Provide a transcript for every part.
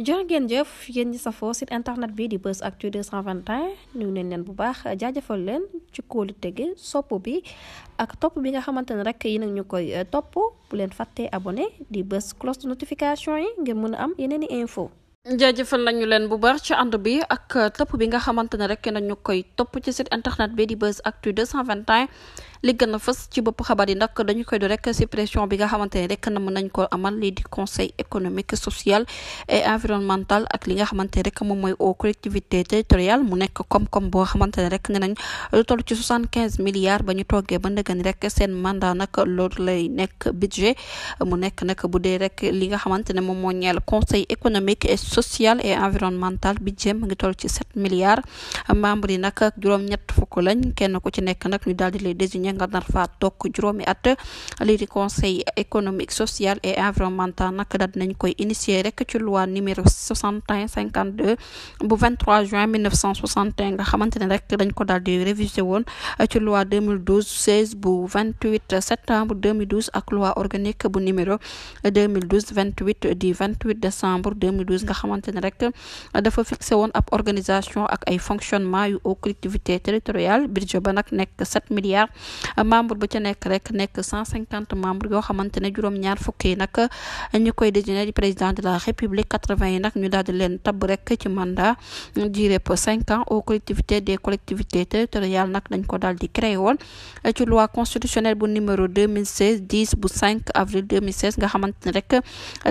jërë ngeen jëf yéen ñi safoo site internet bi di Buzz Actu 221 ñu neen leen bu baax jaajëfal leen ci kóolu tege sopp bi ak topp bi nga xamante ne rek yi nag ñu koy eh, topp bu leen fàttee abone di bës cloche de notification yi ngeen mën a am yeneen i info jaajëfal nañu leen bu baax ci ànd bi ak eh, topp bi nga xamante ne rek nañu koy topp ci site internet bi di bës Actu deux cent vingt 221 li gën a fës ci bopp xabaar yi nag dañu koy do rek si pression bi nga xamante ne rek nam nañ ko amal lii di conseil économique social et environnemental ak li nga xamante ne rek moom mooy aux collectivités territoriales mu nekk koom-koom boo xamante ne rek ne nañ lu toll ci soixante quinze mu nekk bu dee rek li nga xamante ne moom moo ñeel conseil économique et social et environnemental budget mu ngi toll ci sept milliards membre yi nag ak juróom-ñett fukk lañ kenn ku ci nekk nag ñu daal lay désigner ña nga nar faa toog juróomi at lii di conseil économique social et environnemental nag daal nañ koy initier rek ci loi numéro 61 52 bu 23 juin 1961 nga xamante rek dañ ko daal di réviser woon ci loi 2012 16 bu 28 septembre 2012 ak loi organique bu numéro 2012 28 du 28 décembre 2012 nga xamante ne rek dafa fixé woon ab organisation ak ay fonctionnement yu aux collectivités territoriales budget ba nag nekk 7 milliards membre bu ca nekk rek nekk cent cinquante membre yoo xamante ne juróom-ñaar fukk yi nag ñu koy désigné di président de la république quatre vingt yi nag ñu daal di leen tabb rek ci mandat durée pour cinq ans aux collectivités des collectivités territoriales dañ ko daal di créé woon ci loi constitutionnelle bu numéro 2016 bu avril nga xamante ne rek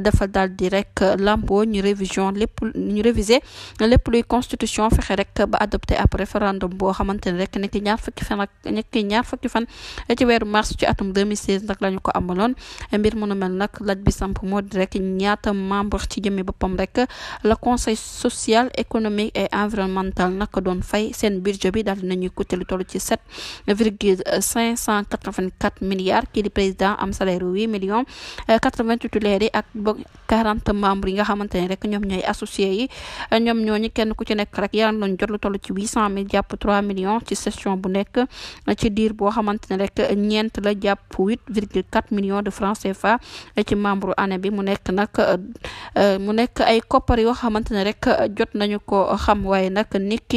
dafa daal di rek lambo ñu révision lépp ñu réviser lépp luy constitution fexe rek ba adopté ab référendum boo xamante rek nekk ñaar fukki fan ak nekk ñaar fan ci weeru mars ci atum 2016 nag la ñu ko amaloon mbir mënu mel nag laaj bi samp moo membre ci jëmmi boppam rek le conseil social économique et environnemental nag doon fay seen budget bi daal dinañuy coûté lu toll ci 7 virgule 584 milliards kii di président am salaire 8 millions 80 euh, titulaires yi ak ba 40 membres nga xamante ne rek ñoom ñooy associé yi ñoom ñooñu ku ci nekk rek yaram lañ jot lu toll ci 800 mille jàpp 3 millions ci session bu nekk ci diir boo xamante ne rek ñeent la jàpp huit virgule quatre millions de francs fa ci membre année bi mu nekk nag euh, mu nekk ay koppar yoo xamante ne rek jot nañu ko xam waaye nag nit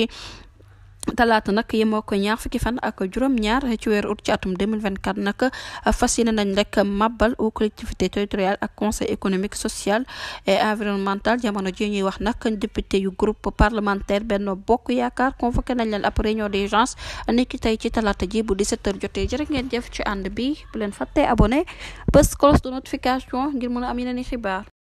talaata nag yemoo ko ñaar fukki fan ak juróom-ñaar ci weeru ut ci atum 2024 nag fas yéene nañ rek màbbal aux collectivités territoriales ak conseil économique social et environnemental jamono ji ñuy wax nag député yu groupe parlementaire Benno Bokk Yaakaar convoqué nañ leen ab réunion d'urgence niki tey ci talaata ji bu 17h jotee jërë ngeen jëf ci ànd bi bu leen fàttee abonné bés cloche de notification ngir mën a am yeneen i xibaar